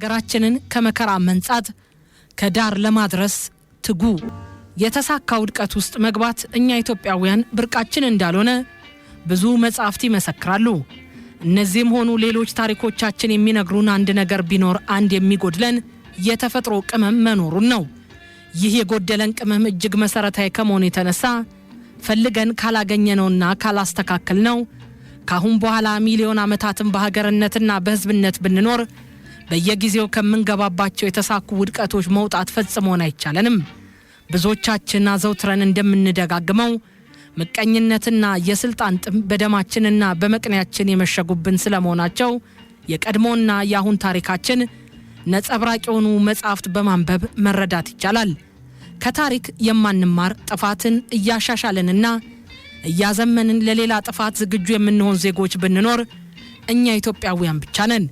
ሀገራችንን ከመከራ መንጻት ከዳር ለማድረስ ትጉ። የተሳካ ውድቀት ውስጥ መግባት እኛ ኢትዮጵያውያን ብርቃችን እንዳልሆነ ብዙ መጻሕፍት ይመሰክራሉ። እነዚህም ሆኑ ሌሎች ታሪኮቻችን የሚነግሩን አንድ ነገር ቢኖር አንድ የሚጎድለን የተፈጥሮ ቅመም መኖሩን ነው። ይህ የጎደለን ቅመም እጅግ መሠረታዊ ከመሆኑ የተነሳ ፈልገን ካላገኘነውና ካላስተካከልነው ካሁን በኋላ ሚሊዮን ዓመታትን በሀገርነትና በሕዝብነት ብንኖር በየጊዜው ከምንገባባቸው የተሳኩ ውድቀቶች መውጣት ፈጽሞን አይቻለንም። ብዙዎቻችን አዘውትረን እንደምንደጋግመው ምቀኝነትና የስልጣን ጥም በደማችንና በመቅኔያችን የመሸጉብን ስለመሆናቸው የቀድሞና የአሁን ታሪካችን ነጸብራቅ የሆኑ መጻሕፍት በማንበብ መረዳት ይቻላል። ከታሪክ የማንማር ጥፋትን እያሻሻልንና እያዘመንን ለሌላ ጥፋት ዝግጁ የምንሆን ዜጎች ብንኖር እኛ ኢትዮጵያውያን ብቻ ነን።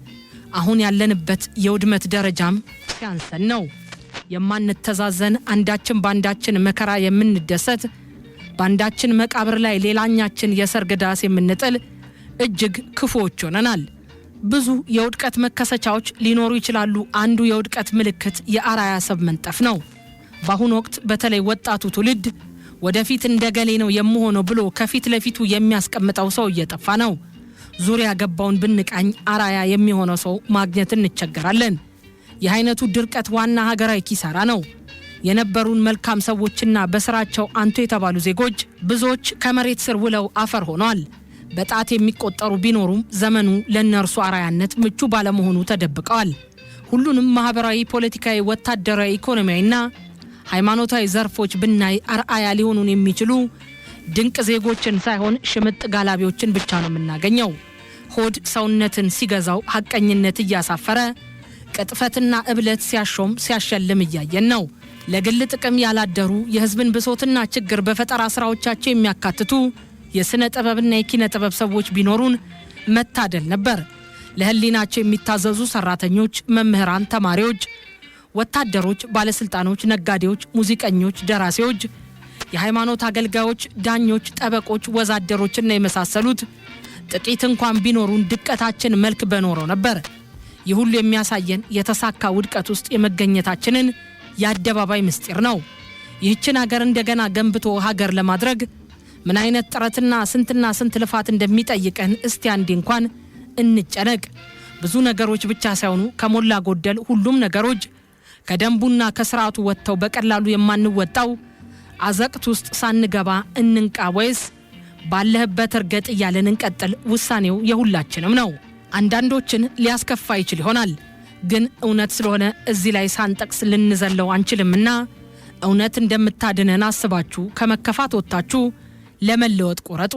አሁን ያለንበት የውድመት ደረጃም ያንሰን ነው። የማንተዛዘን አንዳችን በአንዳችን መከራ የምንደሰት በአንዳችን መቃብር ላይ ሌላኛችን የሰርግ ዳስ የምንጥል እጅግ ክፉዎች ሆነናል። ብዙ የውድቀት መከሰቻዎች ሊኖሩ ይችላሉ። አንዱ የውድቀት ምልክት የአራያ ሰብ መንጠፍ ነው። በአሁኑ ወቅት በተለይ ወጣቱ ትውልድ ወደፊት እንደ ገሌ ነው የምሆነው ብሎ ከፊት ለፊቱ የሚያስቀምጠው ሰው እየጠፋ ነው። ዙሪያ ገባውን ብንቃኝ አራያ የሚሆነ ሰው ማግኘት እንቸገራለን። ይህ አይነቱ ድርቀት ዋና ሀገራዊ ኪሳራ ነው። የነበሩን መልካም ሰዎችና በስራቸው አንቱ የተባሉ ዜጎች ብዙዎች ከመሬት ስር ውለው አፈር ሆነዋል። በጣት የሚቆጠሩ ቢኖሩም ዘመኑ ለእነርሱ አራያነት ምቹ ባለመሆኑ ተደብቀዋል። ሁሉንም ማህበራዊ፣ ፖለቲካዊ፣ ወታደራዊ፣ ኢኮኖሚያዊና ሃይማኖታዊ ዘርፎች ብናይ አርአያ ሊሆኑን የሚችሉ ድንቅ ዜጎችን ሳይሆን ሽምጥ ጋላቢዎችን ብቻ ነው የምናገኘው። ሆድ ሰውነትን ሲገዛው ሐቀኝነት እያሳፈረ ቅጥፈትና እብለት ሲያሾም ሲያሸልም እያየን ነው። ለግል ጥቅም ያላደሩ የሕዝብን ብሶትና ችግር በፈጠራ ሥራዎቻቸው የሚያካትቱ የሥነ ጥበብና የኪነ ጥበብ ሰዎች ቢኖሩን መታደል ነበር። ለሕሊናቸው የሚታዘዙ ሠራተኞች፣ መምህራን፣ ተማሪዎች፣ ወታደሮች፣ ባለሥልጣኖች፣ ነጋዴዎች፣ ሙዚቀኞች፣ ደራሲዎች የሃይማኖት አገልጋዮች፣ ዳኞች፣ ጠበቆች፣ ወዛደሮችና የመሳሰሉት ጥቂት እንኳን ቢኖሩን ድቀታችን መልክ በኖረው ነበር። ይህ ሁሉ የሚያሳየን የተሳካ ውድቀት ውስጥ የመገኘታችንን የአደባባይ ምስጢር ነው። ይህችን አገር እንደገና ገንብቶ ሀገር ለማድረግ ምን አይነት ጥረትና ስንትና ስንት ልፋት እንደሚጠይቀን እስቲ አንዴ እንኳን እንጨነቅ። ብዙ ነገሮች ብቻ ሳይሆኑ ከሞላ ጎደል ሁሉም ነገሮች ከደንቡና ከስርዓቱ ወጥተው በቀላሉ የማንወጣው አዘቅት ውስጥ ሳንገባ እንንቃ ወይስ ባለህበት እርገጥ እያለን እንቀጥል? ውሳኔው የሁላችንም ነው። አንዳንዶችን ሊያስከፋ ይችል ይሆናል፣ ግን እውነት ስለሆነ እዚህ ላይ ሳንጠቅስ ልንዘለው አንችልምና እውነት እንደምታድነን አስባችሁ ከመከፋት ወጥታችሁ ለመለወጥ ቆረጡ።